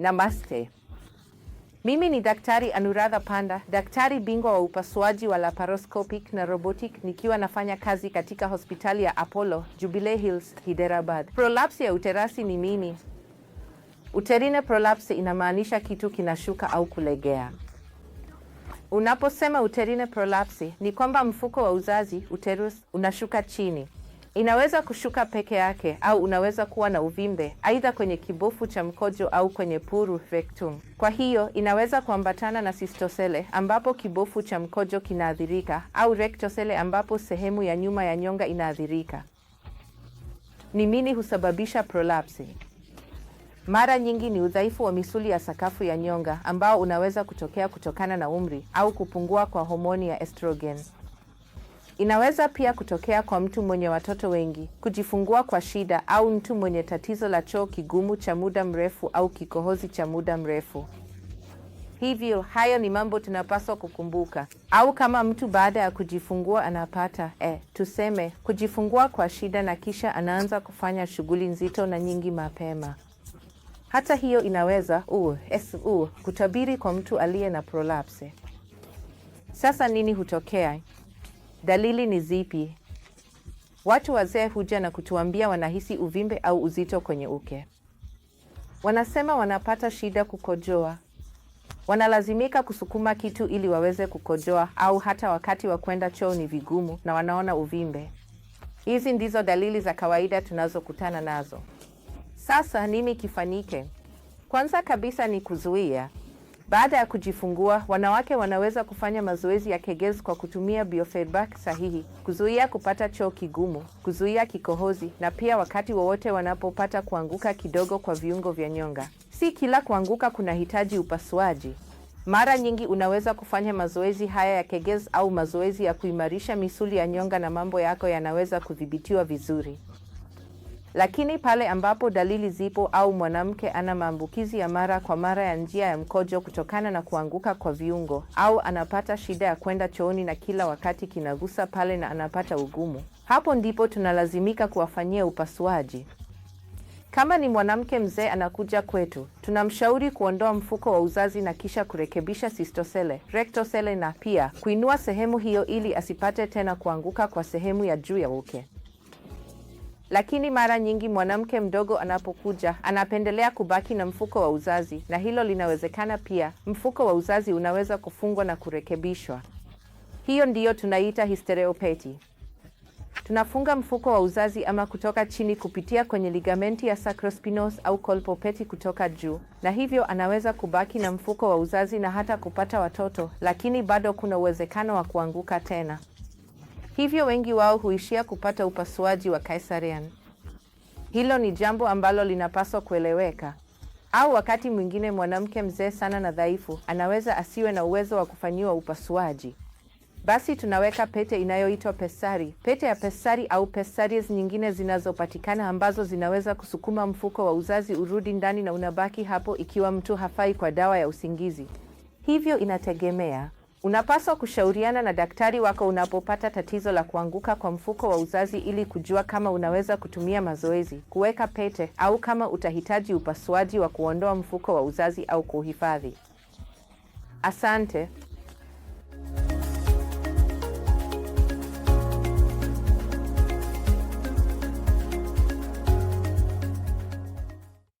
Namaste. Mimi ni Daktari Anuradha Panda, daktari bingwa wa upasuaji wa laparoscopic na robotic nikiwa nafanya kazi katika hospitali ya Apollo Jubilee Hills, Hyderabad. Prolapsi ya uterasi ni nini? Uterine prolapsi inamaanisha kitu kinashuka au kulegea. Unaposema uterine prolapsi ni kwamba mfuko wa uzazi uterus unashuka chini. Inaweza kushuka peke yake au unaweza kuwa na uvimbe aidha kwenye kibofu cha mkojo au kwenye puru rectum. Kwa hiyo inaweza kuambatana na sistosele ambapo kibofu cha mkojo kinaathirika au rectosele ambapo sehemu ya nyuma ya nyonga inaathirika. Ni nini husababisha prolapsi? Mara nyingi ni udhaifu wa misuli ya sakafu ya nyonga ambao unaweza kutokea kutokana na umri au kupungua kwa homoni ya estrogen. Inaweza pia kutokea kwa mtu mwenye watoto wengi, kujifungua kwa shida, au mtu mwenye tatizo la choo kigumu cha muda mrefu au kikohozi cha muda mrefu. Hivyo hayo ni mambo tunapaswa kukumbuka. Au kama mtu baada ya kujifungua anapata eh, tuseme kujifungua kwa shida na kisha anaanza kufanya shughuli nzito na nyingi mapema. Hata hiyo inaweza uh, uh, kutabiri kwa mtu aliye na prolapse. Sasa nini hutokea? Dalili ni zipi? Watu wazee huja na kutuambia wanahisi uvimbe au uzito kwenye uke. Wanasema wanapata shida kukojoa, wanalazimika kusukuma kitu ili waweze kukojoa, au hata wakati wa kwenda choo ni vigumu na wanaona uvimbe. Hizi ndizo dalili za kawaida tunazokutana nazo. Sasa nini kifanyike? Kwanza kabisa ni kuzuia. Baada ya kujifungua, wanawake wanaweza kufanya mazoezi ya Kegels kwa kutumia biofeedback sahihi, kuzuia kupata choo kigumu, kuzuia kikohozi na pia wakati wowote wanapopata kuanguka kidogo kwa viungo vya nyonga. Si kila kuanguka kunahitaji upasuaji. Mara nyingi unaweza kufanya mazoezi haya ya Kegels au mazoezi ya kuimarisha misuli ya nyonga na mambo yako yanaweza kudhibitiwa vizuri. Lakini pale ambapo dalili zipo au mwanamke ana maambukizi ya mara kwa mara ya njia ya mkojo kutokana na kuanguka kwa viungo, au anapata shida ya kwenda chooni na kila wakati kinagusa pale na anapata ugumu, hapo ndipo tunalazimika kuwafanyia upasuaji. Kama ni mwanamke mzee anakuja kwetu, tunamshauri kuondoa mfuko wa uzazi na kisha kurekebisha sistosele, rektosele na pia kuinua sehemu hiyo ili asipate tena kuanguka kwa sehemu ya juu ya uke. Lakini mara nyingi mwanamke mdogo anapokuja anapendelea kubaki na mfuko wa uzazi, na hilo linawezekana pia. Mfuko wa uzazi unaweza kufungwa na kurekebishwa. Hiyo ndiyo tunaita histereopeti. Tunafunga mfuko wa uzazi ama kutoka chini kupitia kwenye ligamenti ya sacrospinous au kolpopeti kutoka juu, na hivyo anaweza kubaki na mfuko wa uzazi na hata kupata watoto, lakini bado kuna uwezekano wa kuanguka tena hivyo wengi wao huishia kupata upasuaji wa Caesarean. Hilo ni jambo ambalo linapaswa kueleweka. Au wakati mwingine mwanamke mzee sana na dhaifu anaweza asiwe na uwezo wa kufanyiwa upasuaji. Basi tunaweka pete inayoitwa pessary, pete ya pessary au pessaries nyingine zinazopatikana ambazo zinaweza kusukuma mfuko wa uzazi urudi ndani na unabaki hapo ikiwa mtu hafai kwa dawa ya usingizi. Hivyo inategemea Unapaswa kushauriana na daktari wako unapopata tatizo la kuanguka kwa mfuko wa uzazi ili kujua kama unaweza kutumia mazoezi, kuweka pete au kama utahitaji upasuaji wa kuondoa mfuko wa uzazi au kuhifadhi. Asante.